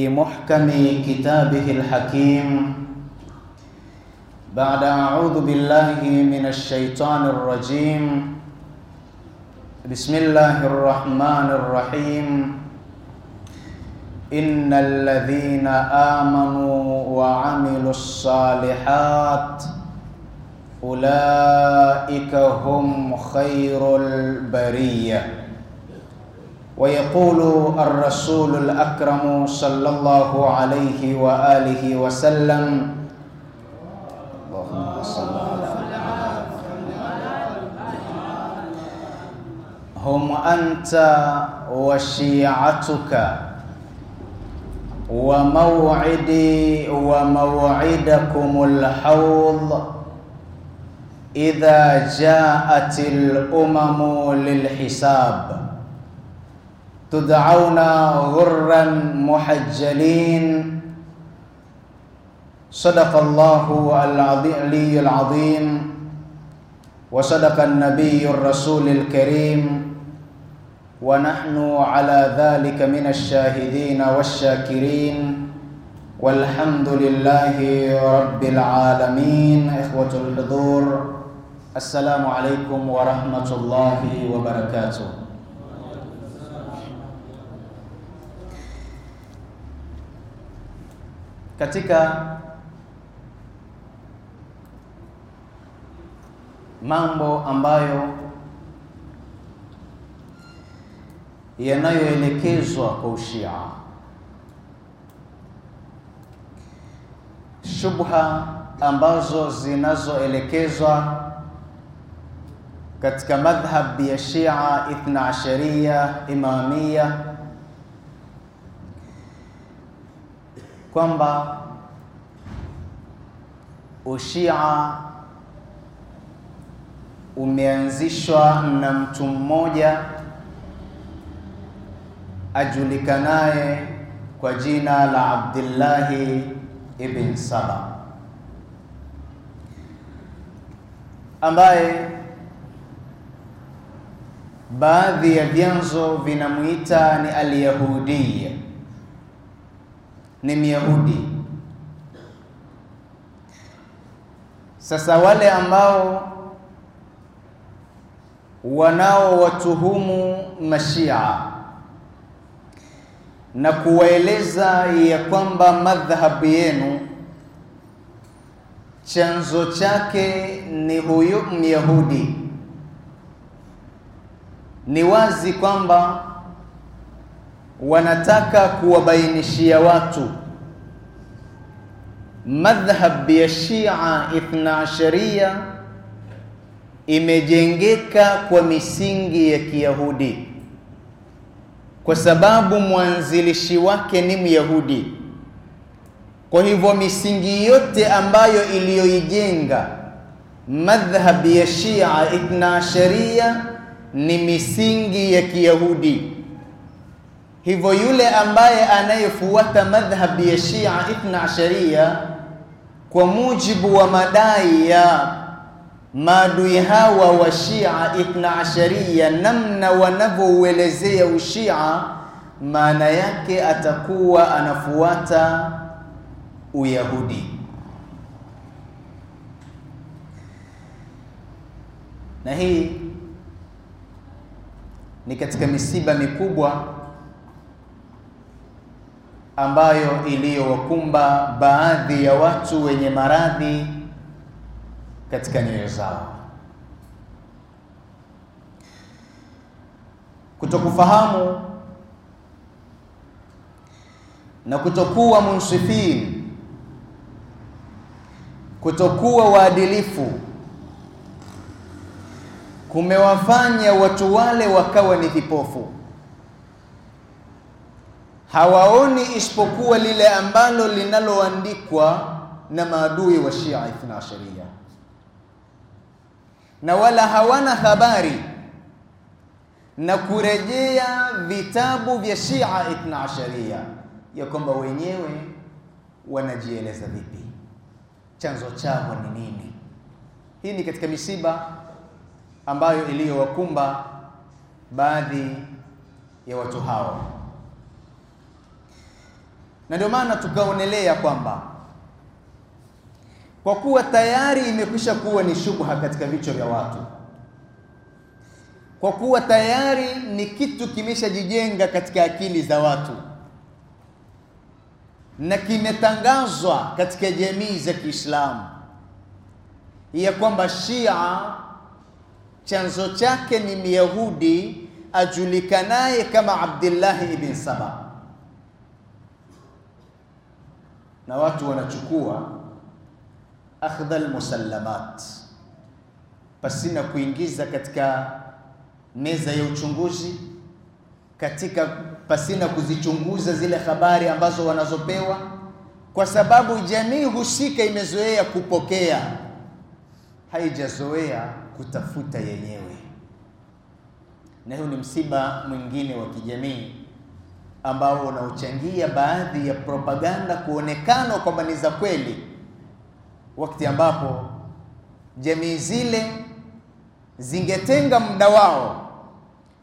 في محكم كتابه الحكيم بعد أعوذ بالله من الشيطان الرجيم بسم الله الرحمن الرحيم إن الذين آمنوا وعملوا الصالحات أولئك هم خير البريه ويقول الرسول الأكرم صلى الله عليه وآله وسلم اللهم صل هم أنت وشيعتك وموعدي وموعدكم الحوض إذا جاءت الأمم للحساب تدعون غرا محجلين صدق الله العلي العظيم وصدق النبي الرسول الكريم ونحن على ذلك من الشاهدين والشاكرين والحمد لله رب العالمين إخوة الحضور السلام عليكم ورحمة الله وبركاته katika mambo ambayo yanayoelekezwa kwa ushia, shubha ambazo zinazoelekezwa katika madhhab ya Shia Ithna Ashariya Imamia kwamba ushia umeanzishwa na mtu mmoja ajulikanaye kwa jina la Abdillahi ibn Saba ambaye baadhi ya vyanzo vinamwita ni al-Yahudiyya ni Myahudi. Sasa wale ambao wanaowatuhumu mashia na kuwaeleza ya kwamba madhhabu yenu chanzo chake ni huyu Myahudi, ni wazi kwamba wanataka kuwabainishia watu madhhab ya Shia Ithna Asharia imejengeka kwa misingi ya Kiyahudi, kwa sababu mwanzilishi wake ni Myahudi. Kwa hivyo misingi yote ambayo iliyoijenga madhhab ya Shia Ithna ni misingi ya Kiyahudi. Hivyo yule ambaye anayefuata madhhabi ya Shia Ithna Asharia kwa mujibu wa madai ya maadui hawa wa Shia Ithna Asharia, namna wanavyouelezea ushia, maana yake atakuwa anafuata Uyahudi, na hii ni katika misiba mikubwa ambayo iliyowakumba baadhi ya watu wenye maradhi katika nyoyo zao. Kutokufahamu na kutokuwa munsifin, kutokuwa waadilifu kumewafanya watu wale wakawa ni vipofu hawaoni isipokuwa lile ambalo linaloandikwa na maadui wa Shia Ithna ashariya na wala hawana habari na kurejea vitabu vya Shia Ithna ashariya ya kwamba wenyewe wanajieleza vipi, chanzo chao ni nini. Hii ni katika misiba ambayo iliyowakumba baadhi ya watu hao na ndio maana tukaonelea kwamba kwa kuwa tayari imekwisha kuwa ni shubha katika vichwa vya watu, kwa kuwa tayari ni kitu kimeshajijenga katika akili za watu na kimetangazwa katika jamii za Kiislamu ya kwamba Shia chanzo chake ni Myahudi ajulikanaye kama abdullahi ibn Saba na watu wanachukua akhdha almusallamat, pasina kuingiza katika meza ya uchunguzi, katika pasina kuzichunguza zile habari ambazo wanazopewa, kwa sababu jamii husika imezoea kupokea, haijazoea kutafuta yenyewe, na hiyo ni msiba mwingine wa kijamii ambao unaochangia baadhi ya propaganda kuonekana kwamba ni za kweli, wakati ambapo jamii zile zingetenga muda wao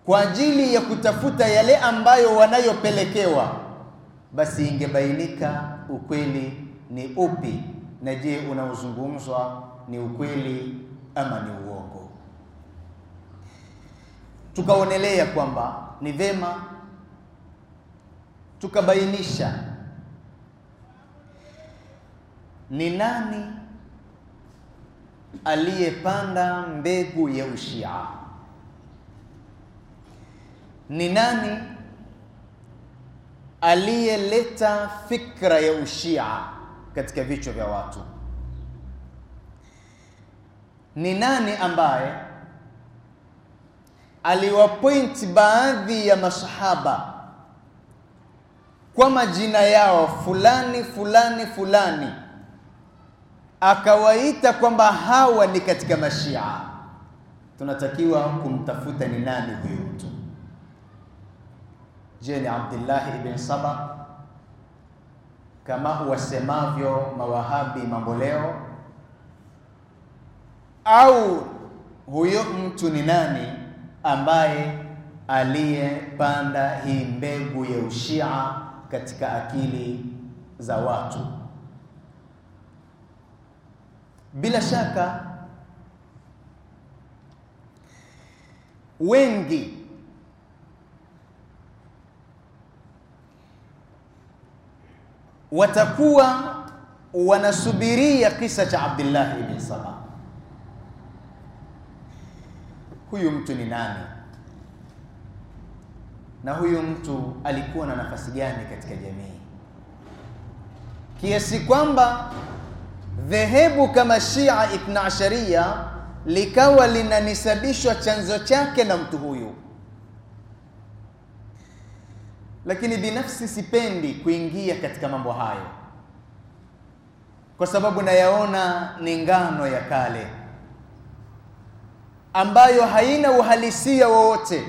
kwa ajili ya kutafuta yale ambayo wanayopelekewa, basi ingebainika ukweli ni upi, na je, unaozungumzwa ni ukweli ama ni uongo. Tukaonelea kwamba ni vema tukabainisha ni nani aliyepanda mbegu ya ushia, ni nani aliyeleta fikra ya ushia katika vichwa vya watu, ni nani ambaye aliwapoint baadhi ya masahaba kwa majina yao fulani fulani fulani, akawaita kwamba hawa ni katika mashia. Tunatakiwa kumtafuta ni nani huyu mtu. Je, ni Abdullah ibn Saba kama wasemavyo mawahabi mambo leo, au huyo mtu ni nani ambaye aliyepanda hii mbegu ya ushia katika akili za watu. Bila shaka wengi watakuwa wanasubiria kisa cha Abdullah ibn salam Huyu mtu ni nani? na huyu mtu alikuwa na nafasi gani katika jamii, kiasi kwamba dhehebu kama Shia Ithna Asharia likawa linanisabishwa chanzo chake na mtu huyu. Lakini binafsi sipendi kuingia katika mambo hayo, kwa sababu nayaona ni ngano ya kale ambayo haina uhalisia wowote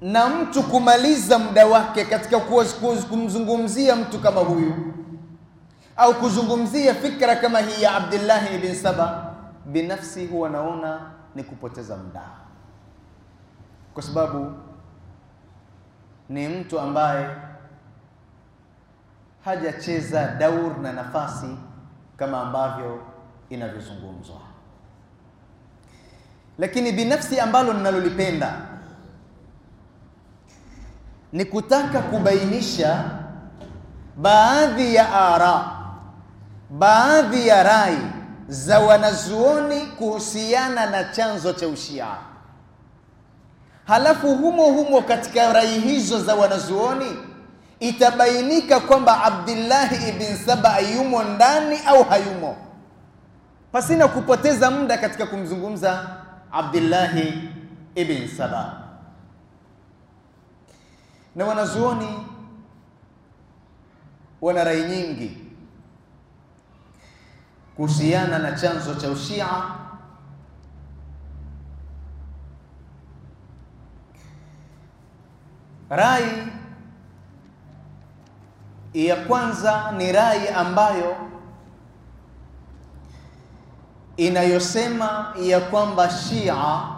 na mtu kumaliza muda wake katika kumzungumzia mtu kama huyu au kuzungumzia fikra kama hii ya Abdullah ibn Saba, binafsi huwa naona ni kupoteza muda, kwa sababu ni mtu ambaye hajacheza daur na nafasi kama ambavyo inavyozungumzwa. Lakini binafsi ambalo ninalolipenda ni kutaka kubainisha baadhi ya ara, baadhi ya rai za wanazuoni kuhusiana na chanzo cha ushia. Halafu humo humo katika rai hizo za wanazuoni itabainika kwamba Abdillahi ibn Saba yumo ndani au hayumo, pasina kupoteza muda katika kumzungumza Abdillahi ibn Saba na wanazuoni wana rai nyingi kuhusiana na chanzo cha ushia rai ya kwanza ni rai ambayo inayosema ya kwamba Shia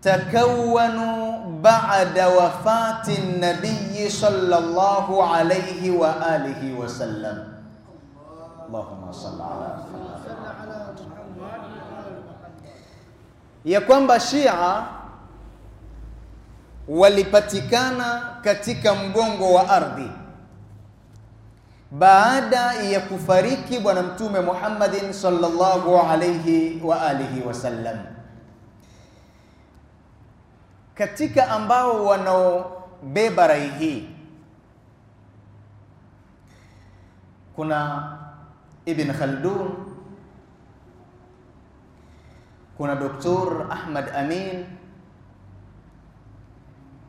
takawanu ba'da wafati nabiyyi sallallahu alayhi wa alihi wa sallam. Allahumma salli ala ya kwamba Shia walipatikana katika mgongo wa ardhi baada ya kufariki Bwana Mtume Muhammadin sallallahu alayhi wa alihi wasallam katika ambao wanaobeba rai hii kuna Ibn Khaldun, kuna Doktor Ahmad Amin,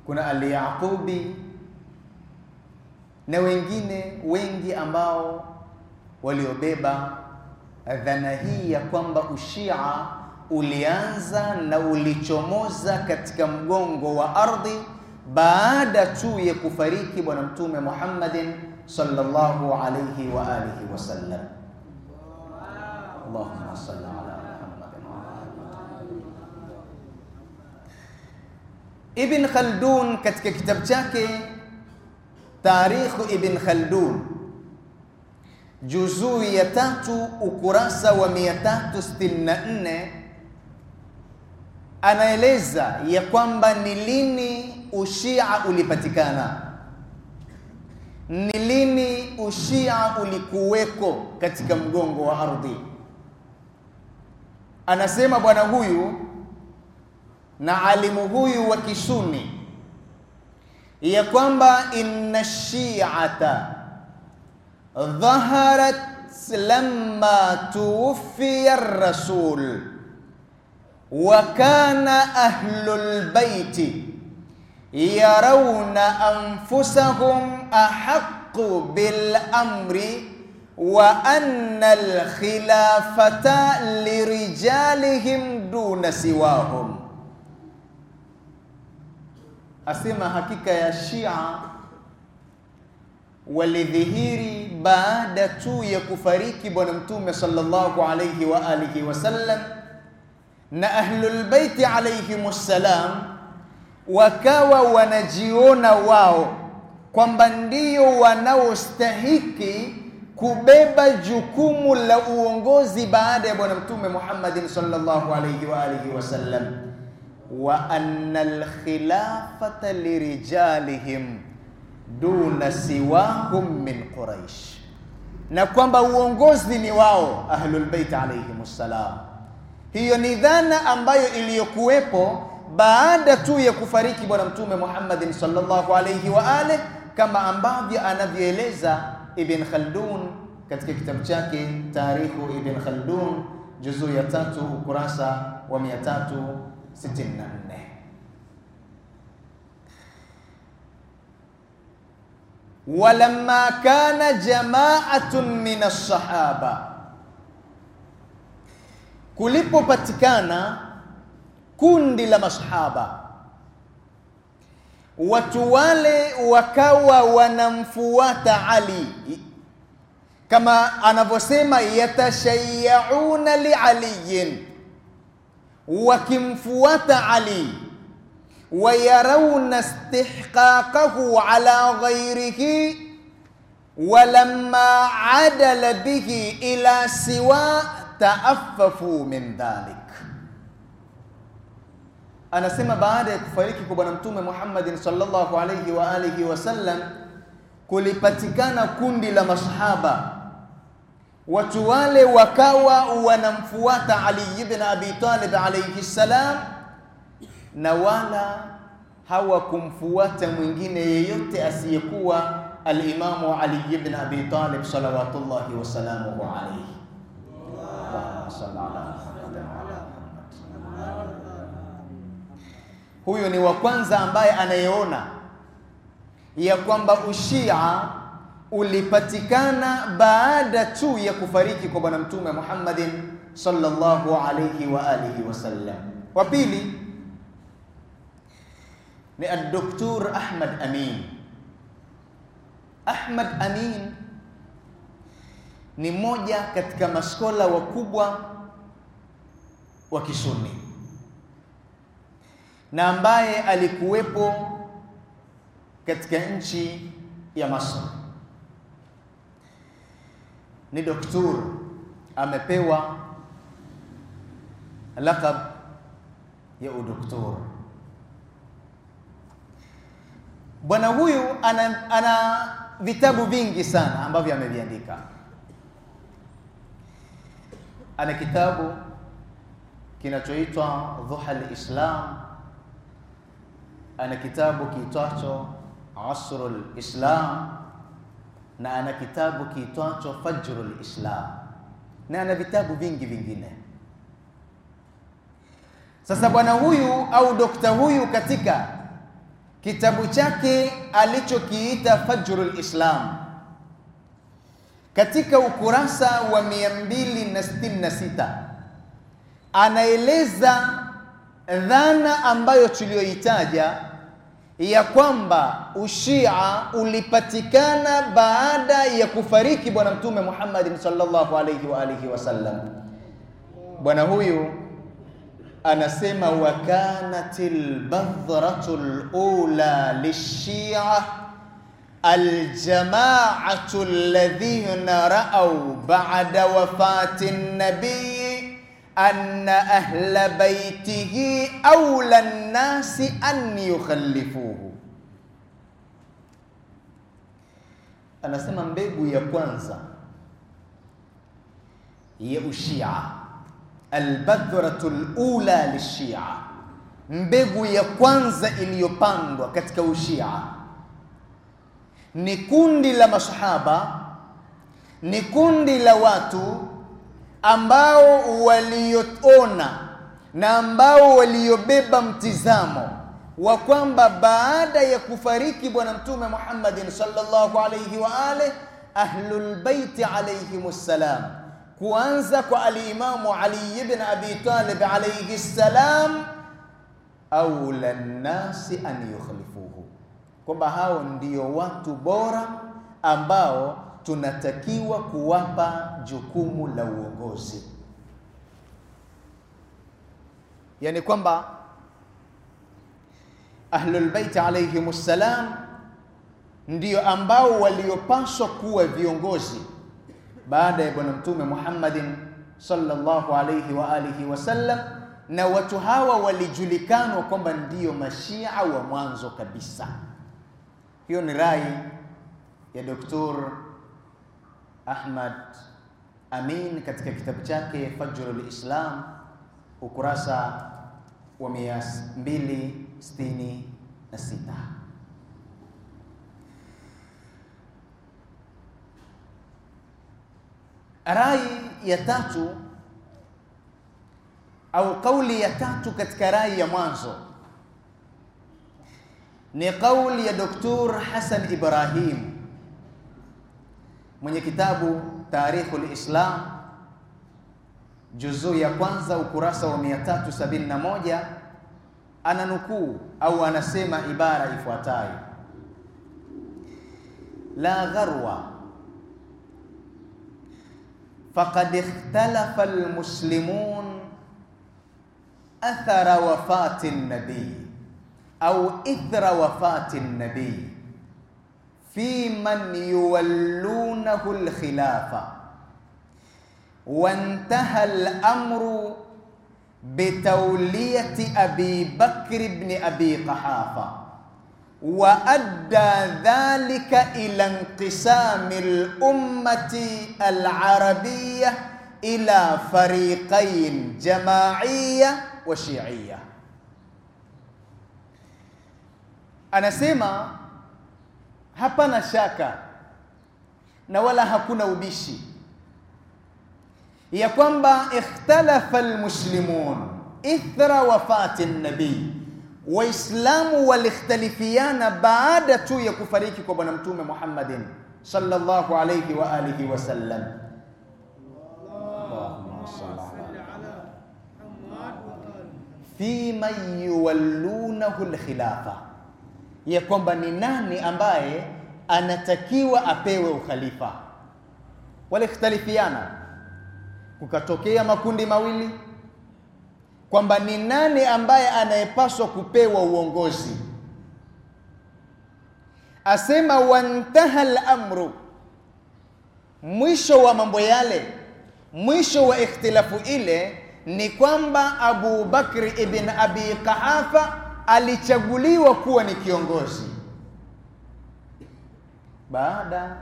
kuna Ali Yaqubi na wengine wengi ambao waliobeba dhana hii ya kwamba ushia ulianza na ulichomoza katika mgongo wa ardhi baada tu ya kufariki Bwana Mtume Muhammadin sallallahu alayhi wa alihi wasallam. Allahumma salli ala Muhammad. Ibn Khaldun katika kitabu chake Tarikhu Ibn Khaldun juzuu ya tatu ukurasa wa 364 anaeleza ya kwamba ni lini ushia ulipatikana, ni lini ushia ulikuweko katika mgongo wa ardhi. Anasema bwana huyu na alimu huyu wa Kisuni ya kwamba inna shi'ata dhaharat lamma tuwfiya rasul وكان أهل البيت يرون أنفسهم أحق بالأمر وأن الخلافة لرجالهم دون سواهم أسمى حقيقة يا شيعة walidhihiri baada tu ya kufariki bwana mtume sallallahu alaihi wa alihi na ahlulbeiti alayhimussalam wakawa wanajiona wao kwamba ndio wanaostahiki kubeba jukumu la uongozi baada ya Bwana Mtume Muhammadin sallallahu alayhi wa alihi wasallam, wa anna alkhilafata lirijalihim duna siwahum min Quraish, na kwamba uongozi ni wao Ahlulbeiti alayhimussalam hiyo ni dhana ambayo iliyokuwepo baada tu ya kufariki Bwana Mtume Muhammadin sallallahu alayhi wa ali, kama ambavyo anavyoeleza Ibn Khaldun katika kitabu chake Tarikhu Ibn Khaldun juzuu ya tatu ukurasa wa 364. Walamma kana jama'atun min as-sahaba kulipopatikana kundi la masahaba, watu wale wakawa wanamfuata Ali kama anavyosema yatashayauna lialiyin, wakimfuata Ali wayarauna istihqaqahu ala ghairihi walamma adala bihi ila siwa taaffafu min dhalik. Anasema baada ya kufariki kwa Bwana Mtume Muhammadin sallallahu alayhi wa alihi wasallam, kulipatikana kundi la masahaba, watu wale wakawa wanamfuata Ali ibn Abi Talib alayhi salam, na wala hawakumfuata mwingine yeyote asiyekuwa alimamu Ali ibn Abi Talib salawatullahi wasalamuhu alayhi Allahumma salli ala Muhammad ni wa kwanza ambaye anayeona ya kwamba ushia ulipatikana baada tu ya kufariki kwa Bwana Mtume Muhammadin sallallahu alayhi wa alihi wasallam. Wa pili ni Dr. Ahmad Amin. Ahmad Amin ni mmoja katika maskola wakubwa wa Kisuni na ambaye alikuwepo katika nchi ya Masri. Ni doktor, amepewa lakab ya udoktor. Bwana huyu ana, ana vitabu vingi sana ambavyo ameviandika ana kitabu kinachoitwa Dhuha al-Islam, ana kitabu kiitwacho Asru al-Islam na ana kitabu kiitwacho Fajru al-Islam na ana vitabu vingi vingine. Sasa bwana huyu au dokta huyu katika kitabu chake alichokiita Fajrul Islam katika ukurasa wa 266 anaeleza dhana ambayo tuliyoitaja ya kwamba ushia ulipatikana baada ya kufariki bwana mtume Muhammad sallallahu alayhi wa alihi wasallam. Bwana huyu anasema wa kanatil badhratu lula lishia الجماعه الذين راوا بعد وفاه النبي ان اهل بيته اولى الناس ان يخلفوه anasema mbegu ya kwanza ya ushia albadhratul ula lishia mbegu ya kwanza iliyopandwa katika ushia ni kundi la masahaba, ni kundi la watu ambao walioona na ambao waliobeba mtizamo wa kwamba baada ya kufariki Bwana Mtume Muhammadin sallallahu alayhi wa alihi ahlulbaiti alayhimus salam kuanza kwa alimamu Ali ibn Abi Talib alayhi salam, aula nnasi an yukhli kwamba hao ndio watu bora ambao tunatakiwa kuwapa jukumu la uongozi, yaani kwamba Ahlulbeiti alayhim ssalam ndio ambao waliopaswa kuwa viongozi baada ya Bwana Mtume Muhammadin sallallahu alayhi wa alihi wasallam, na watu hawa walijulikanwa kwamba ndio mashia wa mwanzo kabisa. Hiyo ni rai ya Dr. Ahmad Amin katika kitabu chake Fajrul Islam ukurasa wa 266. Rai ya tatu au kauli ya tatu katika rai ya mwanzo ni kauli ya Dr. Hassan Ibrahim mwenye kitabu Tarikhul Islam juzuu ya kwanza ukurasa wa 371 ananukuu au anasema ibara ifuatayo: la gharwa faqad ikhtalafa almuslimun athara wafati nabii أو إثر وفاة النبي في من يولونه الخلافة وانتهى الأمر بتولية أبي بكر بن أبي قحافة وأدى ذلك إلى انقسام الأمة العربية إلى فريقين جماعية وشيعيه anasema hapana shaka na wala hakuna ubishi ya kwamba ikhtalafa almuslimun ithra wafati nabii waislamu walikhtalifiana baada tu ya kufariki kwa bwana mtume muhammadin sallallahu alayhi wa alihi wasallam fi man yuwallunahu alkhilafa ya kwamba ni nani ambaye anatakiwa apewe ukhalifa. Walikhtalifiana, kukatokea makundi mawili kwamba ni nani ambaye anayepaswa kupewa uongozi. Asema wantaha lamru amru mwisho wa mambo yale, mwisho wa ikhtilafu ile ni kwamba Abu Bakri ibn Abi Qahafa alichaguliwa kuwa ni kiongozi. Baada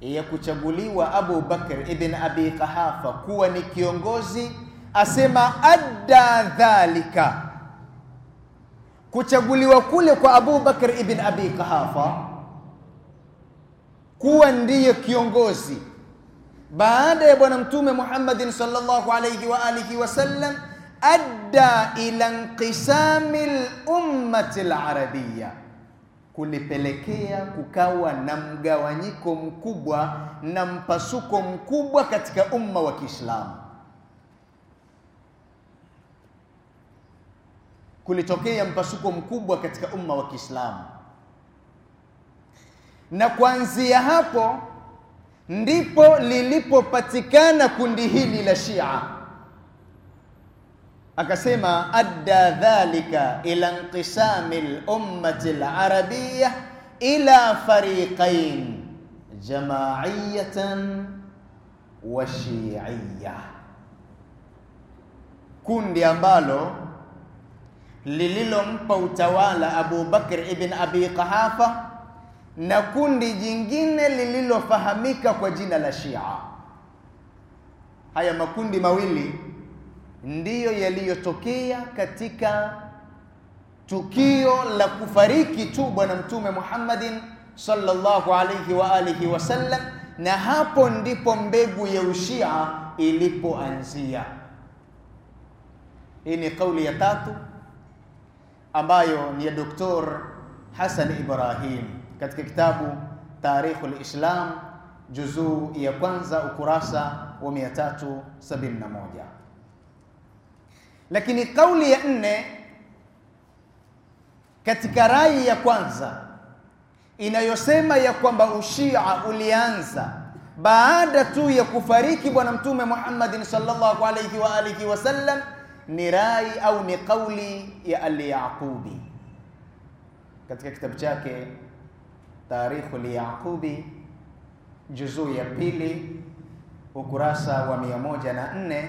ya kuchaguliwa Abu Bakr ibn Abi Qahafa kuwa ni kiongozi, asema adda dhalika, kuchaguliwa kule kwa Abu Bakr ibn Abi Qahafa kuwa ndiye kiongozi baada ya Bwana Mtume Muhammadin sallallahu alayhi wa alihi wasallam adda ila nqisami lummati larabia, kulipelekea kukawa na mgawanyiko mkubwa na mpasuko mkubwa katika umma wa Kiislamu. Kulitokea mpasuko mkubwa katika umma wa Kiislamu, na kuanzia hapo ndipo lilipopatikana kundi hili la Shia akasema adda dhalika ila inqisami lummati larabiya ila fariqain jamaiyatan wa shiiya, kundi ambalo lililompa utawala Abu Bakr ibn Abi Qahafa na kundi jingine lililofahamika kwa jina la Shia. Haya makundi mawili ndiyo yaliyotokea katika tukio la kufariki tu Bwana Mtume Muhammadin sallallahu alayhi wa alihi wasallam, na hapo ndipo mbegu ya ushia ilipoanzia. Hii ni kauli ya tatu ambayo ni ya Doktor Hassan Ibrahim katika kitabu Tarikhul Islam juzuu ya kwanza ukurasa wa 371. Lakini kauli ya nne katika rai ya kwanza inayosema ya kwamba ushia ulianza baada tu ya kufariki Bwana Mtume Muhammadin sallallahu alayhi wa alihi wasallam ni rai au ni kauli ya alyaqubi katika kitabu chake Tarikhu Liyaqubi juzuu ya pili ukurasa wa 104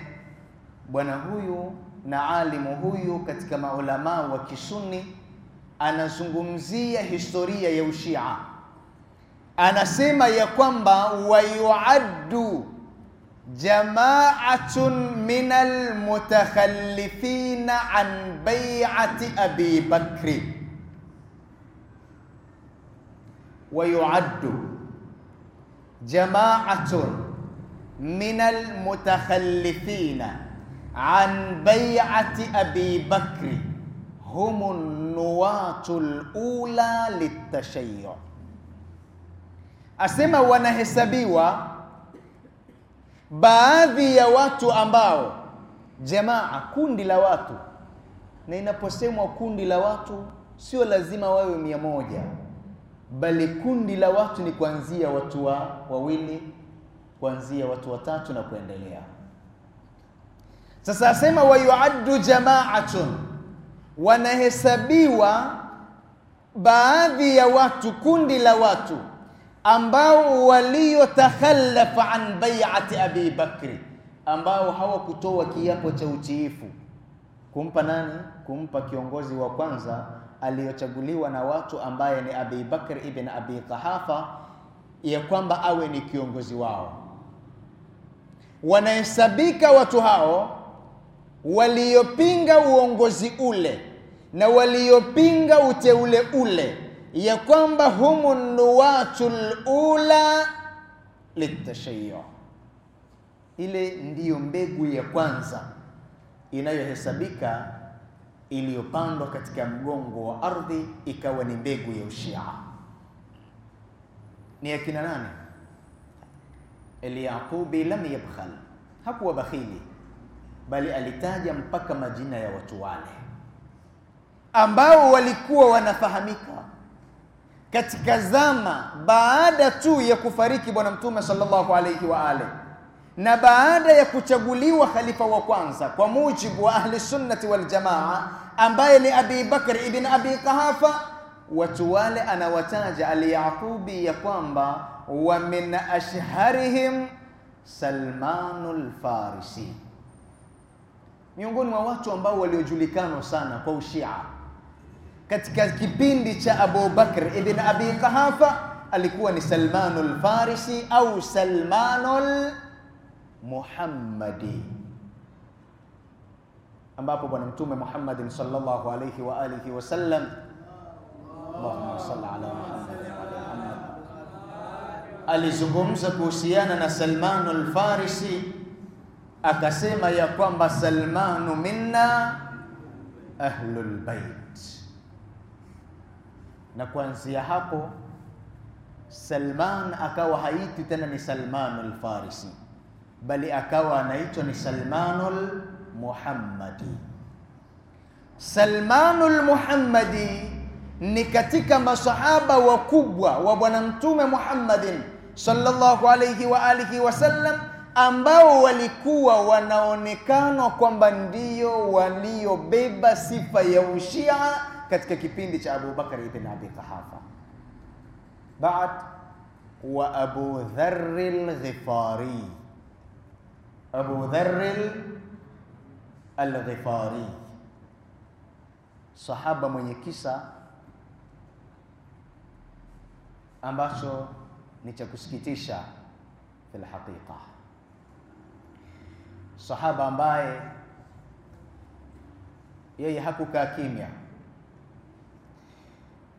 bwana huyu na alimu huyu katika maulamaa wa Kisuni anazungumzia historia ya ushia. Anasema ya kwamba wayuaddu jamaatun min almutakhallifina an bai'ati abi bakri, wayuaddu jamaatun min almutakhallifina an bai'ati Abi Bakri humu nuwatu lula litashayyu, asema wanahesabiwa baadhi ya watu ambao jamaa, kundi la watu. Na inaposemwa kundi la watu, sio lazima wawe mia moja, bali kundi la watu ni kuanzia watu wa wawili, kuanzia watu watatu na kuendelea. Sasa asema wa yuaddu jama'atun, wanahesabiwa baadhi ya watu, kundi la watu ambao waliotakhallafa an bai'ati Abi Bakri, ambao hawakutoa kiapo cha utiifu kumpa nani? Kumpa kiongozi wa kwanza aliyochaguliwa na watu ambaye ni Abi Bakr ibn Abi Qahafa, ya kwamba awe ni kiongozi wao. Wanahesabika watu hao waliopinga uongozi ule na waliopinga uteule ule, ya kwamba humu nuwatul ula litashayu. Ile ndiyo mbegu ya kwanza inayohesabika iliyopandwa katika mgongo wa ardhi ikawa ni mbegu ya ushia. Ni akina nani? lyaqubi lam yabkhal, hakuwa bakhili bali alitaja mpaka majina ya watu wale ambao walikuwa wanafahamika katika zama baada tu ya kufariki bwana mtume sallallahu alayhi wa alihi na baada ya kuchaguliwa khalifa wa kwanza kwa mujibu wa ahli sunnati wal ambaye ni Abi Bakr ibn Abi Qahafa watu wale anawataja al ya kwamba wa min ashharihim Salmanul Farisi miongoni mwa watu ambao waliojulikana sana kwa ushia katika kipindi cha Abu Bakr ibn Abi Qahafa alikuwa ni Salman al Farisi au Salman al Muhammadi ambapo bwana mtume Muhammad sallallahu alayhi wa alihi wa sallam, Allahumma salli ala Muhammad wa ala Muhammad, alizungumza kuhusiana na Salman al-Farisi al Farisi akasema ya kwamba Salmanu minna ahlul bait, na kuanzia hapo Salman akawa haiti tena ni Salmanul Farisi, bali akawa anaitwa ni Salmanul Muhammadi. Salmanul Muhammadi ni katika masahaba wakubwa wa Bwana Mtume Muhammadin sallallahu alayhi wa alihi wasallam ambao walikuwa wanaonekana kwamba ndio waliobeba sifa ya ushia katika kipindi cha Abu Bakar ibn Abi Qahafa baad wa Abu Dharr al-Ghifari, Abu Dharr al-Ghifari, sahaba mwenye kisa ambacho ni cha kusikitisha fil haqiqa sahaba ambaye yeye hakukaa kimya,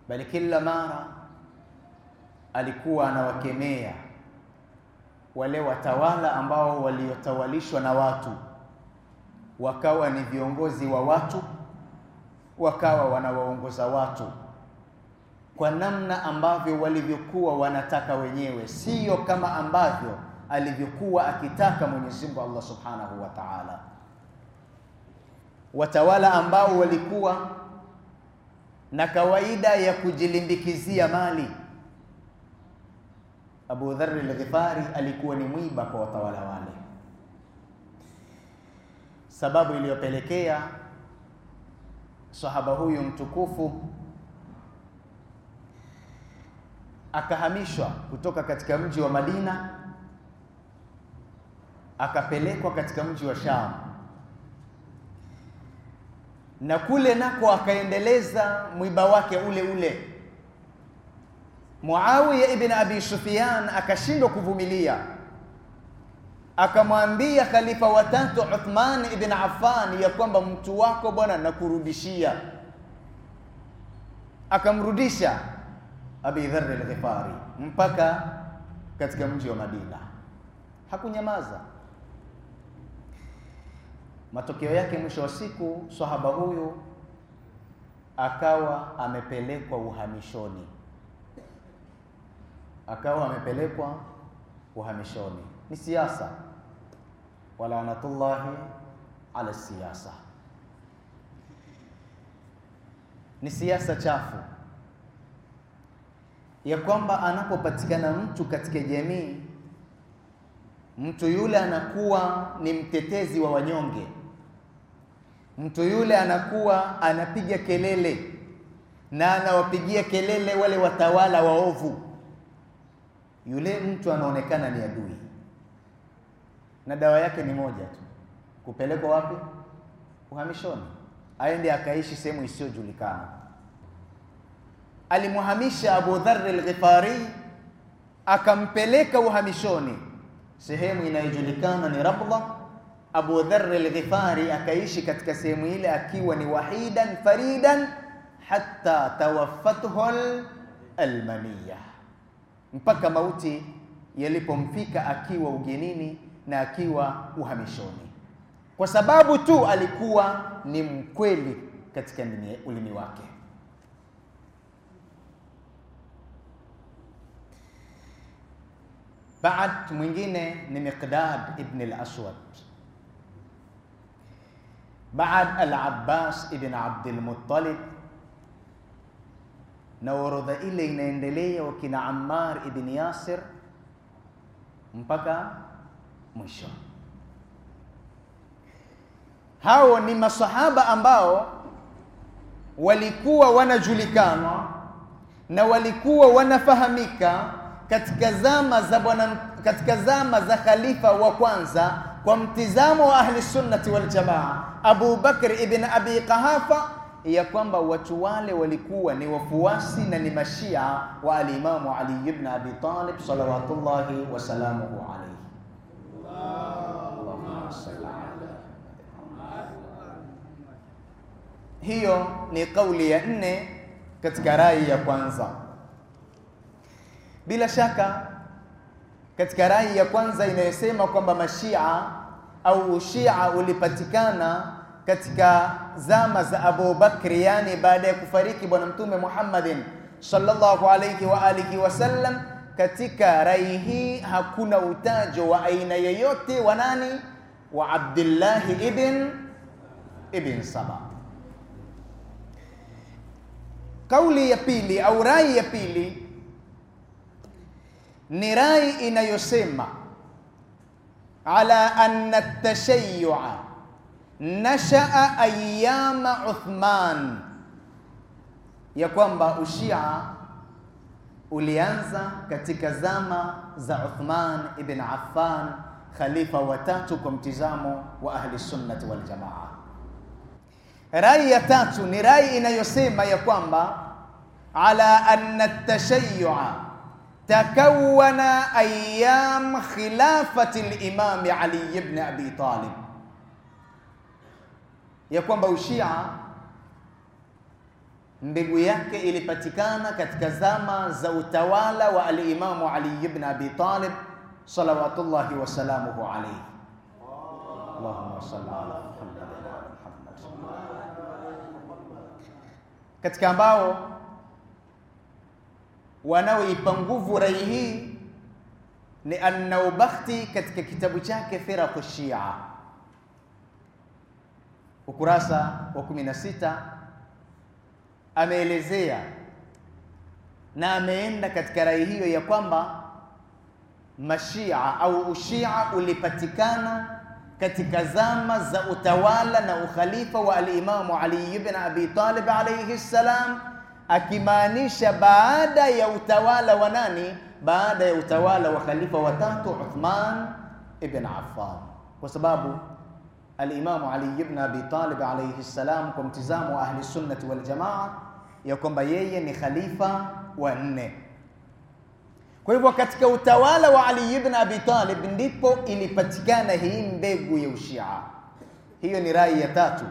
bali kila mara alikuwa anawakemea wale watawala ambao waliotawalishwa na watu wakawa ni viongozi wa watu, wakawa wanawaongoza watu kwa namna ambavyo walivyokuwa wanataka wenyewe, siyo kama ambavyo alivyokuwa akitaka Mwenyezi Mungu Allah Subhanahu wa Ta'ala. Watawala ambao walikuwa na kawaida ya kujilimbikizia mali. Abu Dharr al-Ghifari alikuwa ni mwiba kwa watawala wale, sababu iliyopelekea sahaba huyu mtukufu akahamishwa kutoka katika mji wa Madina akapelekwa katika mji wa Sham na kule nako akaendeleza mwiba wake ule ule. Muawiya ibn Abi Sufyan akashindwa kuvumilia, akamwambia khalifa wa tatu Uthman ibn Affan ya kwamba mtu wako bwana nakurudishia. Akamrudisha Abi Dharr al-Ghifari mpaka katika mji wa Madina, hakunyamaza Matokeo yake mwisho wa siku sahaba huyu akawa amepelekwa uhamishoni, akawa amepelekwa uhamishoni. Ni siasa, walanatullahi ala siasa, ni siasa chafu ya kwamba anapopatikana mtu katika jamii, mtu yule anakuwa ni mtetezi wa wanyonge mtu yule anakuwa anapiga kelele na anawapigia kelele wale watawala waovu, yule mtu anaonekana ni adui, na dawa yake ni moja tu, kupelekwa wapi? Uhamishoni, aende akaishi sehemu isiyojulikana. Alimuhamisha Abu Dharr al-Ghifari, akampeleka uhamishoni sehemu inayojulikana ni Rabla Abu Dharr al-Ghifari akaishi katika sehemu ile akiwa ni wahidan faridan hatta tawaffathu al-Almaniya, mpaka mauti yalipomfika akiwa ugenini na akiwa uhamishoni, kwa sababu tu alikuwa ni mkweli katika ulimi wake. Baad mwingine ni Miqdad ibn al-Aswad Baad al-Abbas ibn Abdul Muttalib, na orodha ile inaendelea wakina Ammar ibn Yasir mpaka mwisho. Hao ni masahaba ambao walikuwa wanajulikana na walikuwa wanafahamika katika zama za bwana, katika zama za khalifa wa kwanza kwa mtizamo wa ahli sunnati wal jamaa, Abu Bakr ibn Abi Qahafa, ya kwamba watu wale walikuwa ni wafuasi na ni mashia wa alimamu Ali ibn Abi Talib salawatullahi wasalamuhu alaihi. Hiyo ni kauli ya nne katika rai ya kwanza. Bila shaka katika rai ya kwanza inayosema kwamba mashia au ushia ulipatikana katika zama za Abu Bakri, yani baada ya kufariki Bwana Mtume Muhammadin sallallahu alayhi wa alihi wasallam. Katika rai hii hakuna utajo wa aina yoyote wa nani, wa Abdillahi ibn ibn Saba. Kauli ya pili au rai ya pili ni rai inayosema ala anna tashayyu'a nashaa ayama Uthman, ya kwamba ushia ulianza katika zama za Uthman ibn Affan, khalifa watatu kwa mtizamo wa ahli sunnati wal jamaa. Rai ya tatu ni rai inayosema ya kwamba ala anna tashayyu'a takawana ayam khilafati limami Ali ibn Abi Talib, ya kwamba ushia mbegu yake ilipatikana katika zama za utawala wa alimamu Ali ibn Abi Talib salawatullahi wasalamuhu alaihi. Allahumma salli ala Muhammad. Katika ambao wanaoipa nguvu rai hii ni annaubakhti katika kitabu chake Firaqu Shia, ukurasa wa 16 ameelezea na ameenda katika rai hiyo ya kwamba mashia au ushia ulipatikana katika zama za utawala na ukhalifa wa al-Imamu Ali ibn Abi Talib alayhi salam akimaanisha baada ya utawala wa nani? Baada ya utawala wa khalifa watatu Uthman ibn Affan, kwa sababu alimamu Ali ibn Abi Talib alayhi salam, kwa mtizamo wa ahli sunnati wal jamaa ya kwamba yeye ni khalifa wa nne. Kwa hivyo katika utawala wa Ali ibn Abi Talib ndipo ilipatikana hii mbegu ya ushia. Hiyo ni rai ya tatu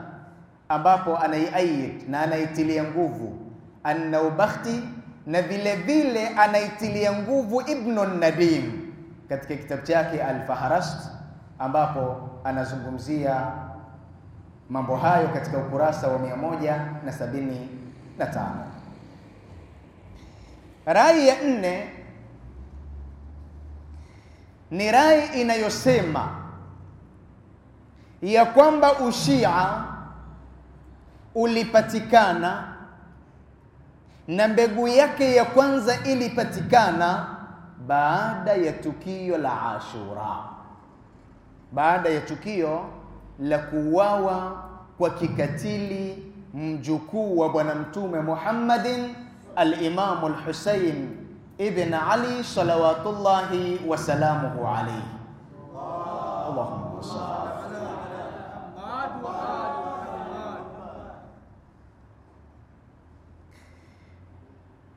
ambapo anaiayid na anaitilia nguvu An-Naubakhti na vile vile anaitilia nguvu Ibnu Nadim katika kitabu chake Al-Faharast, ambapo anazungumzia mambo hayo katika ukurasa wa 175. Rai ya nne ni rai inayosema ya kwamba ushia ulipatikana na mbegu yake ya kwanza ilipatikana baada ya tukio la Ashura, baada ya tukio la kuuawa kwa kikatili mjukuu wa Bwana Mtume Muhammadin al-Imamu al-Husayn ibn Ali salawatullahi wasalamuhu alayhi. Allahumma salli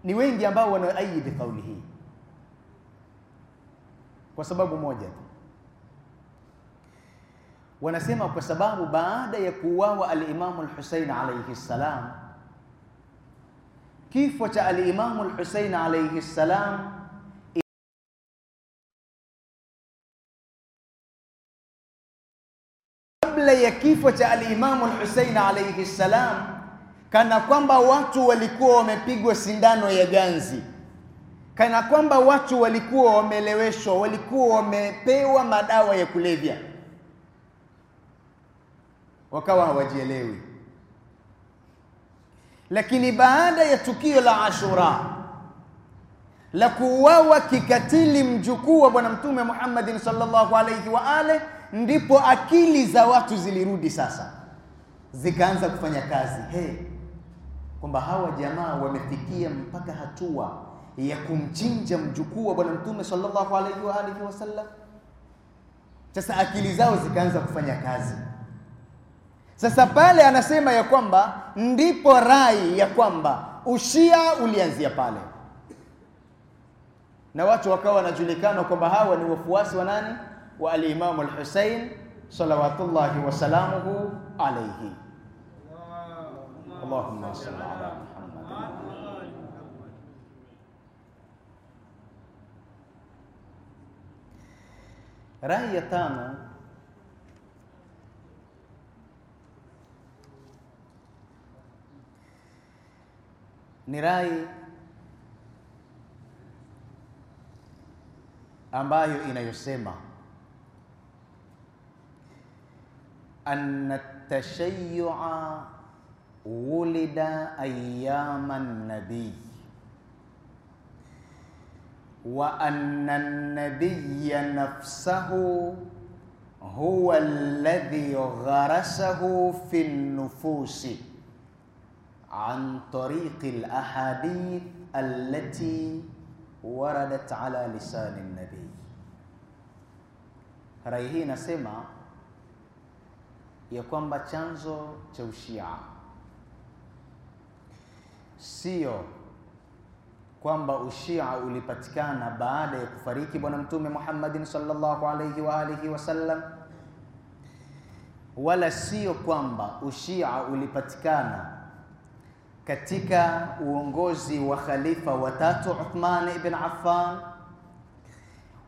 ni wengi ambao wanaoaidi kauli hii kwa sababu moja tu wanasema kwa sababu baada ya kuuawa alimamu al-Husayn alayhi salam kifo cha alimamu al-Husayn alayhi salam kabla ya kifo cha alimamu al-Husayn alayhi salam kana kwamba watu walikuwa wamepigwa sindano ya ganzi, kana kwamba watu walikuwa wameeleweshwa, walikuwa wamepewa madawa ya kulevya, wakawa hawajielewi. Lakini baada ya tukio la Ashura la kuuawa kikatili mjukuu wa Bwana Mtume Muhammadin salllahu alaihi wa ale, ndipo akili za watu zilirudi sasa, zikaanza kufanya kazi. Hey, kwamba hawa jamaa wamefikia mpaka hatua ya kumchinja mjukuu wa Bwana Mtume sallallahu alaihi wa alihi wasallam. Sasa akili zao zikaanza kufanya kazi. Sasa pale anasema ya kwamba ndipo rai ya kwamba ushia ulianzia pale, na watu wakawa wanajulikana kwamba hawa ni wafuasi wa nani? Wa alimamu Alhusein salawatullahi wasalamuhu alaihi اللهم صل على محمد رأي تام ni rai ambayo inayosema anna tashayua ولد أيام النبي وأن النبي نفسه هو الذي غرسه في النفوس عن طريق الأحاديث التي وردت على لسان النبي rai hii inasema ya kwamba sio kwamba ushia ulipatikana baada ya kufariki Bwana Mtume Muhammadin sallallahu alayhi wa alihi wasallam, wala sio kwamba ushia ulipatikana katika uongozi wa khalifa watatu Uthman ibn Affan,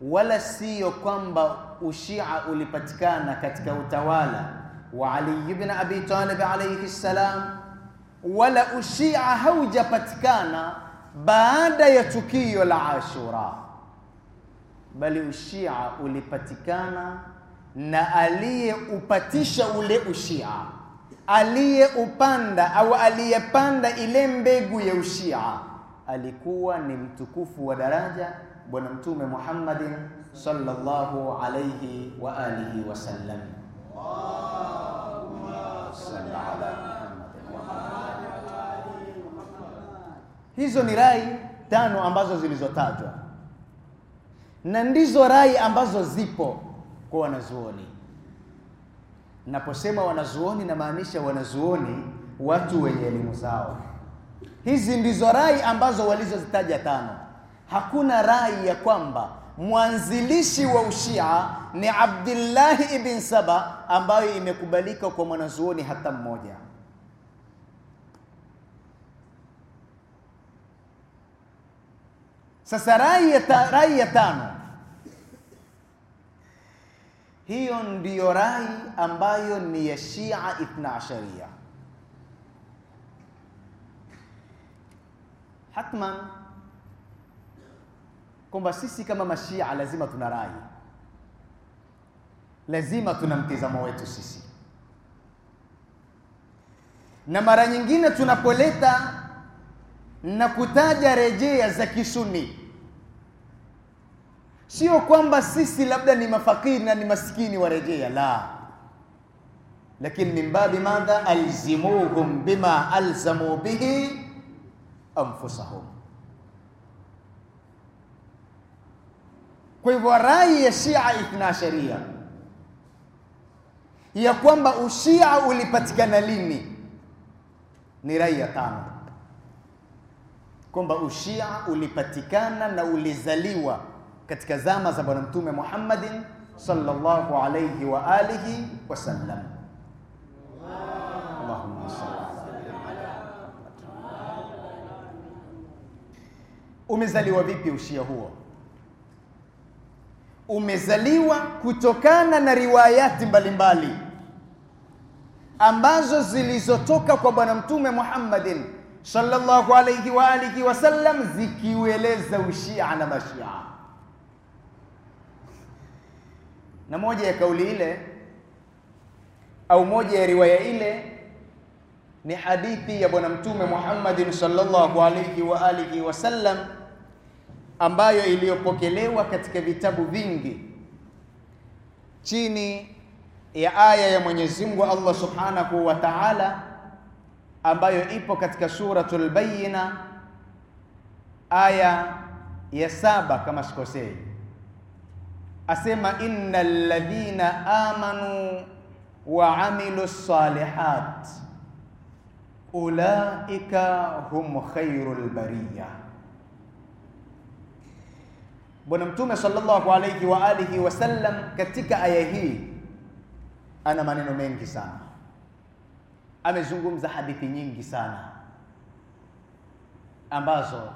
wala sio kwamba ushia ulipatikana katika utawala wa Ali ibn Abi Talib alayhi salam wala ushia haujapatikana baada ya tukio la Ashura, bali ushia ulipatikana na aliyeupatisha ule ushia, aliyeupanda au aliyepanda ile mbegu ya ushia alikuwa ni mtukufu wa daraja Bwana Mtume Muhammadin sallallahu alayhi wa alihi wasallam. Allahumma salli ala Hizo ni rai tano ambazo zilizotajwa na ndizo rai ambazo zipo kwa wanazuoni. Naposema wanazuoni, namaanisha wanazuoni watu wenye elimu zao. Hizi ndizo rai ambazo walizozitaja tano. Hakuna rai ya kwamba mwanzilishi wa ushia ni Abdillahi ibn Saba ambayo imekubalika kwa mwanazuoni hata mmoja. Sasa rai ya, ta, rai ya tano hiyo ndiyo rai ambayo ni ya Shia Ithna Asharia. Hatman kwamba sisi kama mashia lazima tuna rai, lazima tuna mtizamo wetu sisi, na mara nyingine tunapoleta na kutaja rejea za kisuni. Sio kwamba sisi labda ni mafakiri na ni maskini wa rejea, la, lakini min babi madha alzimuhum bima alzamu bihi anfusahum. Kwa hivyo rai ya Shia Ithna Sharia ya kwamba ushia ulipatikana lini ni rai ya tano kwamba ushia ulipatikana na ulizaliwa katika zama za Bwana Mtume Muhammadin sallallahu alayhi wa alihi wasallam. Umezaliwa vipi ushia huo? Umezaliwa kutokana na riwayati mbalimbali mbali ambazo zilizotoka kwa Bwana Mtume Muhammadin sallallahu alayhi wa alihi sallam zikiueleza ushia na mashia. Na moja ya kauli ile au moja ya riwaya ile ni hadithi ya Bwana Mtume Muhammadin sallallahu alayhi wa alihi sallam ambayo iliyopokelewa katika vitabu vingi chini ya aya ya Mwenyezi Mungu Allah Subhanahu wa Ta'ala ambayo ipo katika suratul Bayyina aya ya saba kama sikosei, asema innal ladhina amanu wa amilu salihat ulaika hum khairul bariya. Bwana Mtume sallallahu alayhi wa alihi wasallam katika aya hii ana maneno mengi sana amezungumza hadithi nyingi sana ambazo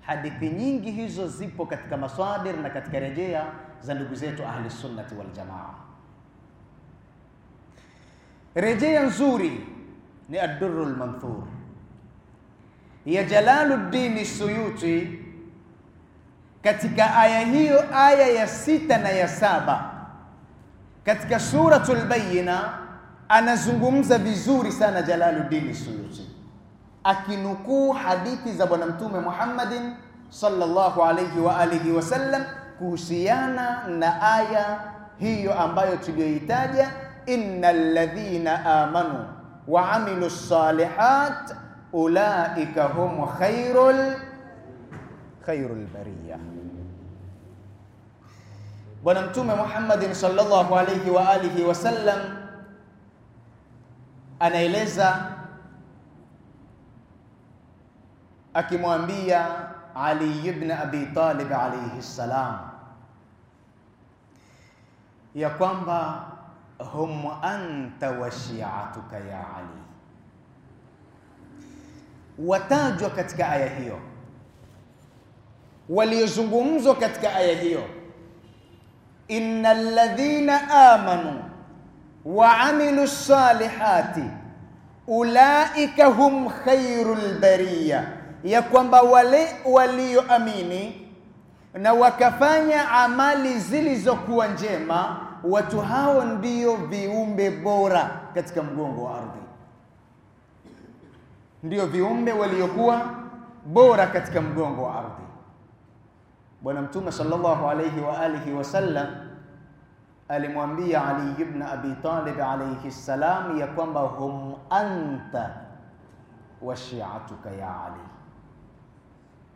hadithi nyingi hizo zipo katika maswadir na katika rejea za ndugu zetu ahli sunnati wal jamaa. Rejea nzuri ni ad-durrul manthur ya Jalaluddin Suyuti katika aya hiyo, aya ya sita na ya saba katika suratul Bayina anazungumza vizuri sana Jalaluddin Suyuti akinukuu hadithi za bwana mtume Muhammadin sallallahu alayhi wa alihi wasallam kuhusiana na aya hiyo ambayo tuliyoitaja innal ladhina amanu wa amilu salihat ulaika hum khairul khairul bariyah bwana mtume Muhammadin sallallahu alayhi wa alihi wasallam anaeleza akimwambia Ali ibn Abi Talib alayhi salam ya kwamba hum anta wa shi'atuka ya Ali, watajwa katika aya hiyo, waliozungumzwa katika aya hiyo, innal ladhina amanu wa amilu salihati ulaika hum khairul bariya, ya kwamba wale walioamini na wakafanya amali zilizokuwa njema, watu hao ndio viumbe bora katika mgongo wa ardhi, ndio viumbe waliokuwa bora katika mgongo wa ardhi. Bwana Mtume sallallahu alayhi wa alihi wasallam alimwambia Ali ibn Abi Talib alayhi salam ya kwamba hum anta wa shi'atuka ya Ali,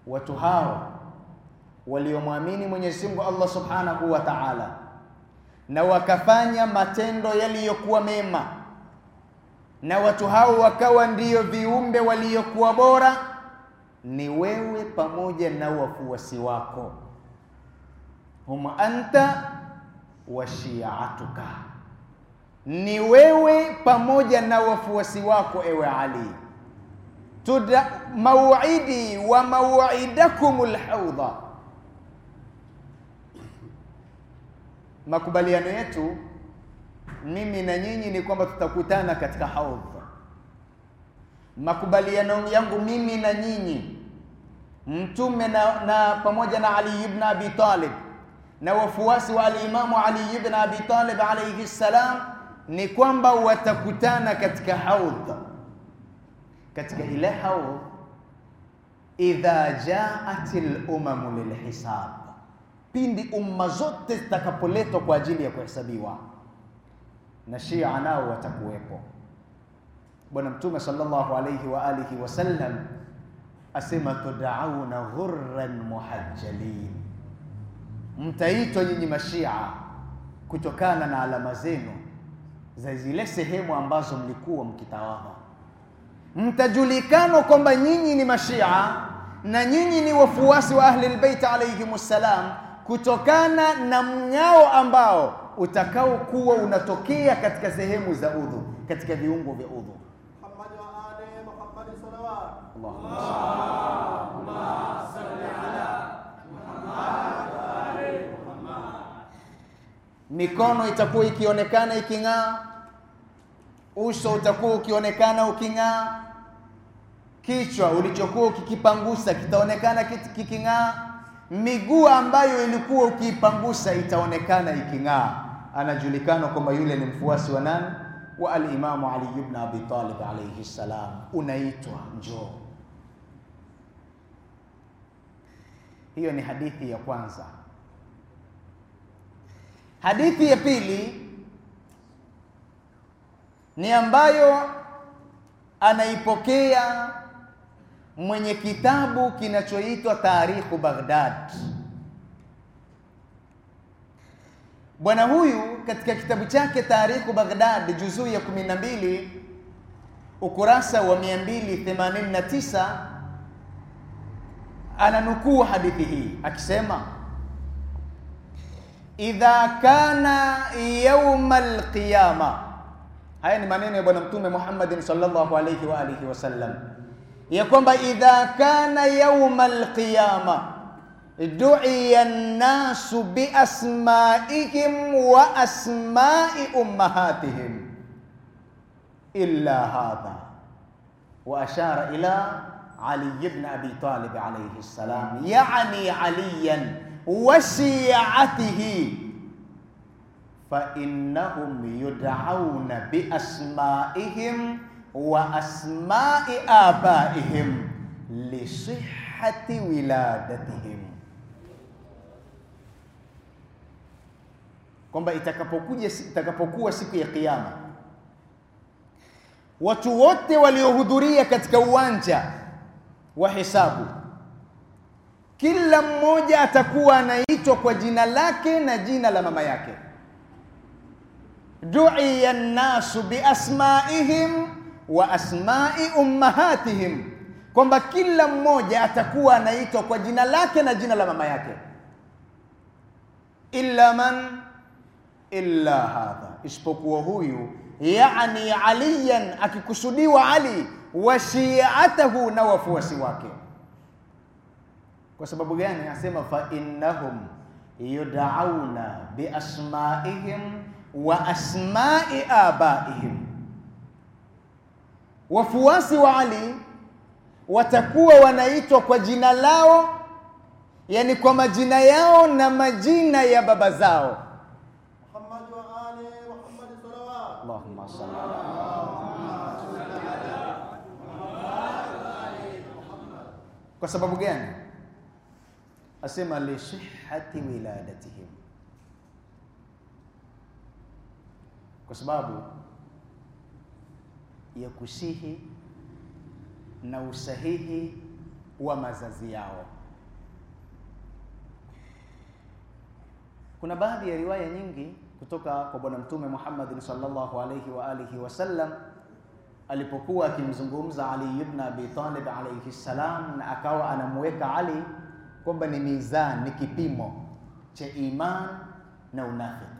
watu hao waliomwamini Mwenyezi Mungu Allah Subhanahu wa Ta'ala na wakafanya matendo yaliyokuwa mema, na watu hao wakawa ndiyo viumbe waliokuwa bora, ni wewe pamoja na wafuasi wako. Huma anta wa shiatuka, ni wewe pamoja na wafuasi wako, ewe Ali. Tuda mauidi wa mauidakum lhaudha, makubaliano yetu mimi na nyinyi ni kwamba tutakutana katika haudha. Makubaliano yangu mimi na nyinyi, mtume na, na pamoja na Ali ibn Abi Talib na wafuasi wa alimamu Ali ibn Abi Talib alayhi salam ni kwamba watakutana katika haudha, katika ile haud idha jaat lumamu lilhisab, pindi umma zote zitakapoletwa kwa ajili ya kuhesabiwa, na Shia nao watakuwepo. Bwana Mtume sallallahu alayhi wa alihi wasallam asema, tudauna ghurran muhajjalin mtaitwa nyinyi mashia kutokana na alama zenu za zile sehemu ambazo mlikuwa mkitawadha. Mtajulikana kwamba nyinyi ni mashia na nyinyi ni wafuasi wa ahli albayt alayhimussalam, kutokana na mnyao ambao utakaokuwa unatokea katika sehemu za udhu, katika viungo vya udhu. Allahumma salli ala Muhammad mikono itakuwa ikionekana iking'aa, uso utakuwa ukionekana uking'aa, kichwa ulichokuwa ukikipangusa kitaonekana kiking'aa, miguu ambayo ilikuwa ukiipangusa itaonekana iking'aa. Anajulikana kwamba yule ni mfuasi wa nani? Wa alimamu Ali ibn Abi Talib alayhi salam. Unaitwa njoo. Hiyo ni hadithi ya kwanza. Hadithi ya pili ni ambayo anaipokea mwenye kitabu kinachoitwa Tarikhu Baghdad. Bwana huyu katika kitabu chake Tarikhu Baghdad juzuu ya 12 ukurasa wa 289 ananukuu hadithi hii akisema إذا كان يوم القيامة هاي نمانين يا بنمتوم محمد صلى الله عليه وآله وسلم يقوم إذا كان يوم القيامة دعي الناس بأسمائهم وأسماء أمهاتهم إلا هذا وأشار إلى علي بن أبي طالب عليه السلام يعني عليا wasiatihi shi'atihi fa innahum yud'auna bi asma'ihim wa asma'i abaihim li sihhati wiladatihim, kwamba itakapokuja itakapokuwa siku ya Kiyama, watu wote waliohudhuria katika uwanja wa hisabu kila mmoja atakuwa anaitwa kwa jina lake na jina la mama yake. Duiya nnasu biasmaihim wa asmai ummahatihim, kwamba kila mmoja atakuwa anaitwa kwa jina lake na jina la mama yake. Illa man illa hadha, isipokuwa huyu, yani aliyan, akikusudiwa Ali, wa shiatahu, na wafuasi wake kwa sababu gani? Asema fa innahum yudauna bi asmaihim wa asmai abaihim, wafuasi wa Ali watakuwa wanaitwa kwa jina lao, yani kwa majina yao na majina ya baba zao. kwa sababu gani? asema li sihhati wiladatihim kwa sababu ya kusihi na usahihi wa mazazi yao kuna baadhi ya riwaya nyingi kutoka kwa bwana mtume Muhammad sallallahu alayhi wa alihi wasallam alipokuwa akimzungumza Ali ibn Abi Talib alayhi salam na akawa anamweka Ali kwamba ni mizani, ni kipimo cha iman na unafiki,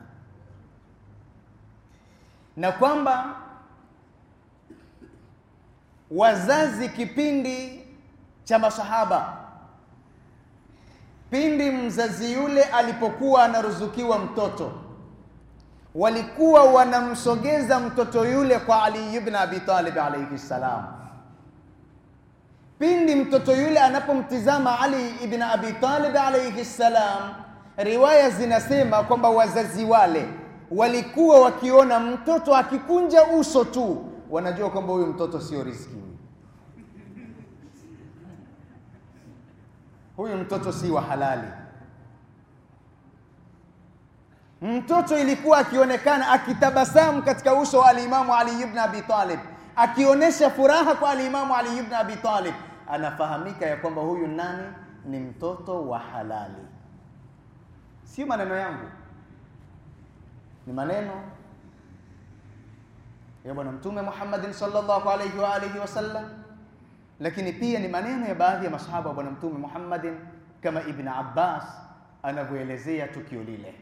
na kwamba wazazi kipindi cha masahaba, pindi mzazi yule alipokuwa anaruzukiwa mtoto, walikuwa wanamsogeza mtoto yule kwa Ali ibn Abi Talib alayhi salam pindi mtoto yule anapomtizama Ali ibn Abi Talib alayhi salam. Riwaya zinasema kwamba wazazi wale walikuwa wakiona mtoto akikunja uso tu, wanajua kwamba huyu mtoto sio riziki, huyu mtoto si wa halali. Mtoto ilikuwa akionekana akitabasamu katika uso wa alimamu Ali ibn Abi Talib, akionyesha furaha kwa alimamu Ali ibn Abi Talib anafahamika ya kwamba huyu nani ni mtoto wa halali. Sio maneno yangu, ni maneno ya Bwana Mtume Muhammadin sallallahu alayhi wa alihi wasallam, lakini pia ni maneno ya baadhi ya masahaba wa Bwana Mtume Muhammadin kama Ibn Abbas anavyoelezea tukio lile.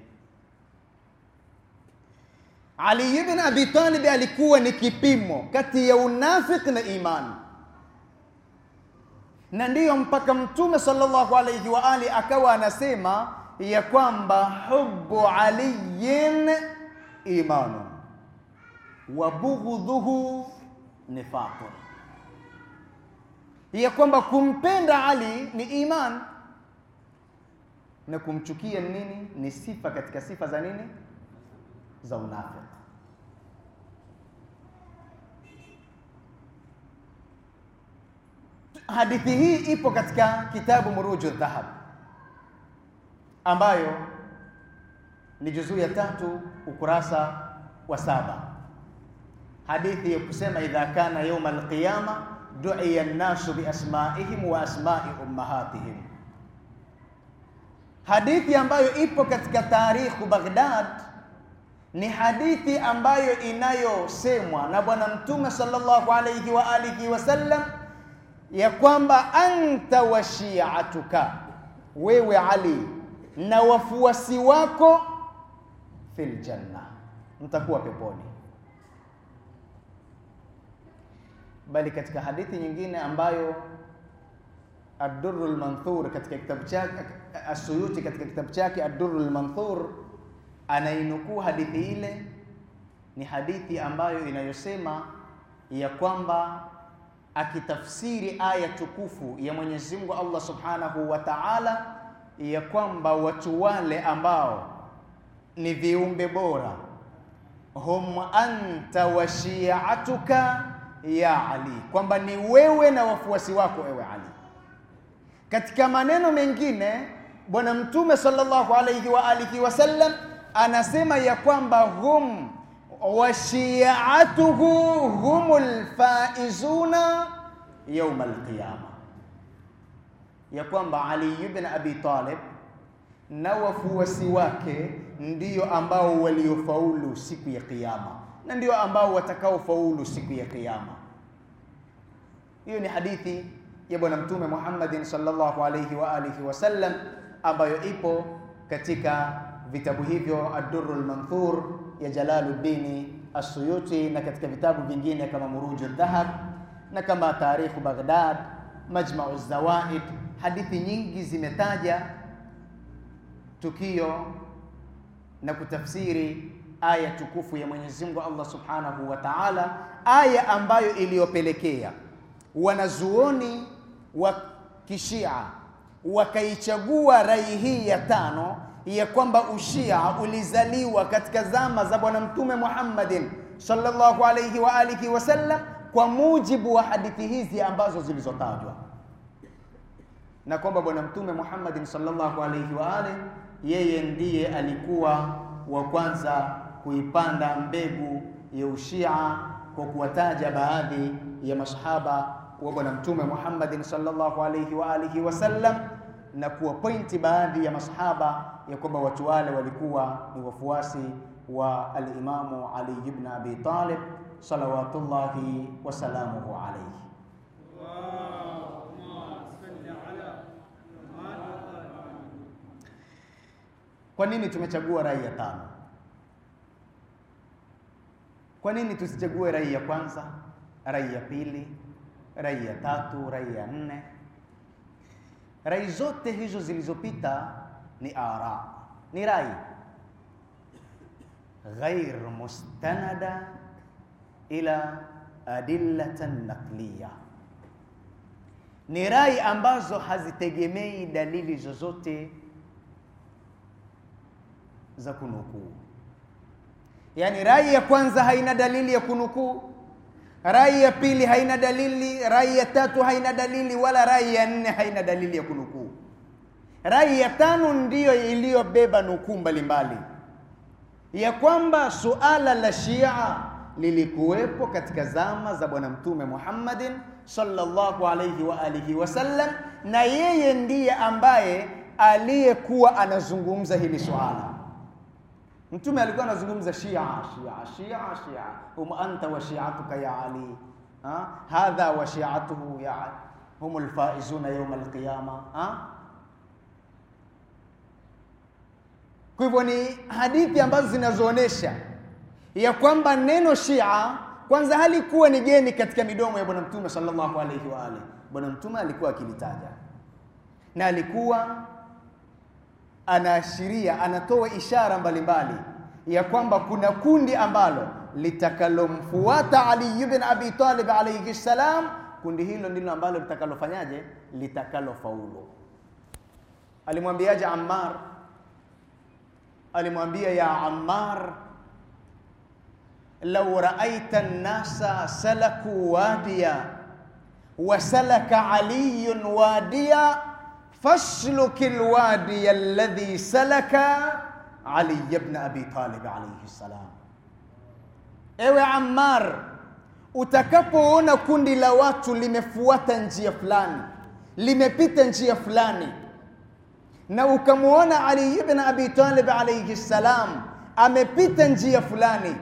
Ali ibn Abi Talib alikuwa ni kipimo kati ya unafiki na imani na ndiyo mpaka Mtume sallallahu alayhi wa ali akawa anasema ya kwamba hubbu aliyin imanu wa bughdhuhu nifaqun, ya kwamba kumpenda Ali ni iman na kumchukia nini ni sifa katika sifa za nini za unafiki. Hadithi hii ipo katika kitabu Muruju Dhahab ambayo ni juzuu ya tatu ukurasa wa saba. Hadithi ya kusema idha kana yauma alqiyama duiya nnasu biasmaihim wa asmai ummahatihim, hadithi ambayo ipo katika tarikhu Baghdad ni hadithi ambayo inayosemwa na Bwana Mtume sallallahu alayhi wa alihi wasallam ya kwamba anta wa shiatuka, wewe Ali na wafuasi wako fil janna, mtakuwa peponi. Bali katika hadithi nyingine ambayo ad manthur katika kitabu chake Asuyuti, katika kitabu chake ad manthur anainukuu hadithi ile, ni hadithi ambayo inayosema ya kwamba akitafsiri aya tukufu ya Mwenyezi Mungu Allah Subhanahu wa Ta'ala ya kwamba watu wale ambao ni viumbe bora, hum anta wa shi'atuka ya Ali, kwamba ni wewe na wafuasi wako ewe Ali. Katika maneno mengine, Bwana Mtume sallallahu alayhi wa alihi wasallam anasema ya kwamba hum وشيعته هم الفائزون يوم القيامة ya kwamba Ali ibn Abi Talib na wafuasi wake ndiyo ambao waliofaulu siku ya kiyama na ndio ambao watakaofaulu siku ya kiyama. Hiyo ni hadithi ya Bwana Mtume Muhammadin sallallahu alayhi wa alihi wasallam ambayo ipo katika vitabu hivyo Ad-Durr al-Manthur ya Jalaluddin As-Suyuti na katika vitabu vingine kama Muruj al-Dhahab na kama Tarikh Baghdad, Majma'u az-Zawaid, hadithi nyingi zimetaja tukio na kutafsiri aya tukufu ya Mwenyezi Mungu Allah Subhanahu wa Ta'ala, aya ambayo iliyopelekea wanazuoni wa Kishia wakaichagua rai hii ya tano ya kwamba ushia ulizaliwa katika zama za Bwana Mtume Muhammadin sallallahu alayhi wa alihi wasallam kwa mujibu wa hadithi hizi ambazo zilizotajwa, na kwamba Bwana Mtume Muhammadin sallallahu alayhi wa alihi yeye ndiye alikuwa wa kwanza kuipanda mbegu ya ushia kwa kuwataja baadhi ya masahaba wa Bwana Mtume Muhammadin sallallahu alayhi wa alihi wasallam na pointi baadhi ya masahaba ya kwamba watu wale walikuwa ni wafuasi wa alimamu Ali ibn Abi Talib salawatullahi salamuhu alayhi. Kwa nini tumechagua rai ya tano? Kwa nini tusichague rai ya kwanza, rai ya pili, rai ya tatu, rai ya nne. Rai zote hizo zilizopita ni ara, ni rai ghair mustanada ila adillatan naqliya, ni rai ambazo hazitegemei dalili zozote za kunukuu. yani rai ya kwanza haina dalili ya kunukuu rai ya pili haina dalili, rai ya tatu haina dalili, wala rai ya nne haina dalili ya kunukuu. Rai ya tano ndiyo iliyobeba nukuu mbalimbali, ya kwamba suala la Shia lilikuwepo katika zama za Bwana Mtume Muhammadin sallallahu alayhi wa alihi wasallam, na yeye ndiye ambaye aliyekuwa anazungumza hili suala Mtume alikuwa anazungumza shia shia shia shia, hum anta wa shi'atuka ya Ali, hadha wa shi'atuhu ya Ali, hum alfaizuna yawm alqiyama. Kwa hivyo ni hadithi ambazo zinazoonyesha ya kwamba neno shia kwanza halikuwa ni geni katika midomo ya Bwana Mtume sallallahu alayhi wa alihi. Bwana Mtume alikuwa akilitaja na alikuwa anaashiria, anatoa ishara mbalimbali ya kwamba kuna kundi ambalo litakalomfuata Ali ibn Abi Talib alayhi salam, kundi hilo ndilo ambalo litakalofanyaje? Litakalofaulu. Alimwambiaje Ammar? Alimwambia, ya Ammar, law raaita an-nasa salaku wadia wa salaka aliyun wadiya فاسلك الوادي الذي سلك علي بن أبي طالب عليه السلام ewe Ammar utakapoona kundi la watu limefuata njia fulani limepita njia fulani na ukamwona Ali ibn Abi Talib alayhi salam amepita njia fulani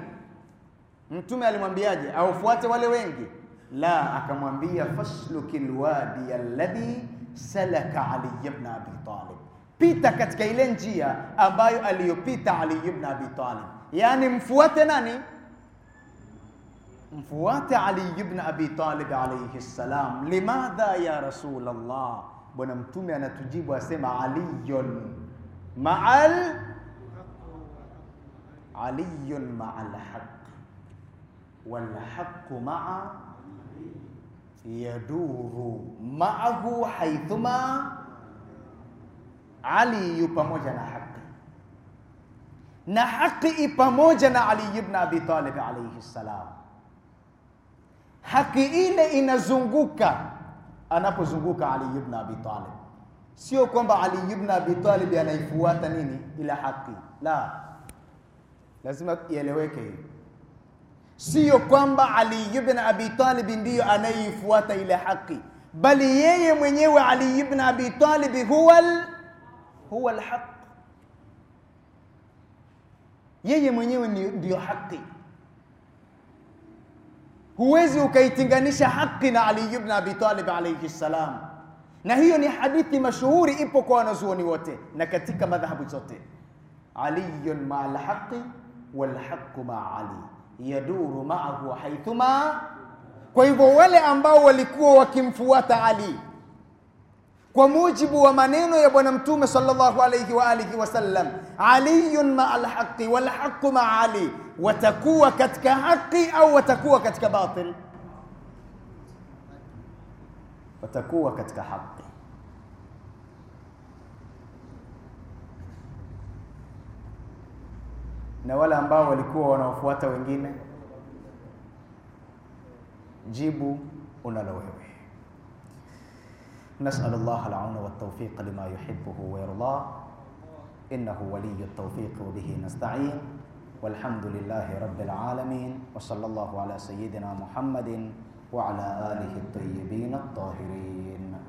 mtume alimwambiaje aufuate wale wengi la akamwambia faslukil wadi alladhi سلك علي بن ابي طالب بيتا كتكيلين جيا ابايو اليو بيتا علي بن ابي طالب يعني مفوات ناني مفوات علي بن ابي طالب عليه السلام لماذا يا رسول الله بنا متومي انا تجيب واسمع علي مع ال علي مع الحق والحق مع yaduru ma'ahu haithuma Ali yu pamoja na haki na haki i pamoja na Ali ibn Abi Talib alayhi salam. Haki ile inazunguka anapozunguka Ali ibn Abi Talib, sio kwamba Ali ibn Abi Talib anaifuata nini ila haki la, lazima ieleweke hiyo Siyo kwamba Ali ibn Abi Talib ndiyo anayeifuata ile haki, bali yeye mwenyewe Ali ibn Abi Talib huwa huwa alhaq, yeye mwenyewe ndiyo haki. Huwezi ukaitinganisha haki na Ali ibn Abi Talib alayhi salam, na hiyo ni hadithi mashuhuri, ipo kwa wanazuoni wote na katika madhahabu zote, aliyun ma alhaqi walhaqu ma ali yaduru ma'ahu haithuma. Kwa hivyo wale ambao walikuwa wakimfuata Ali kwa mujibu wa maneno ya Bwana Mtume sallallahu alayhi wa alihi wasallam, aliyun maa alhaqi walhaqu maa Ali, watakuwa katika haki au watakuwa katika batil? Watakuwa katika haki. na wale ambao walikuwa wanaofuata wengine? Jibu unalo wewe. نسأل الله العون والتوفيق لما يحبه ويرضاه إنه ولي التوفيق وبه نستعين والحمد لله رب العالمين وصلى الله على سيدنا محمد وعلى آله الطيبين الطاهرين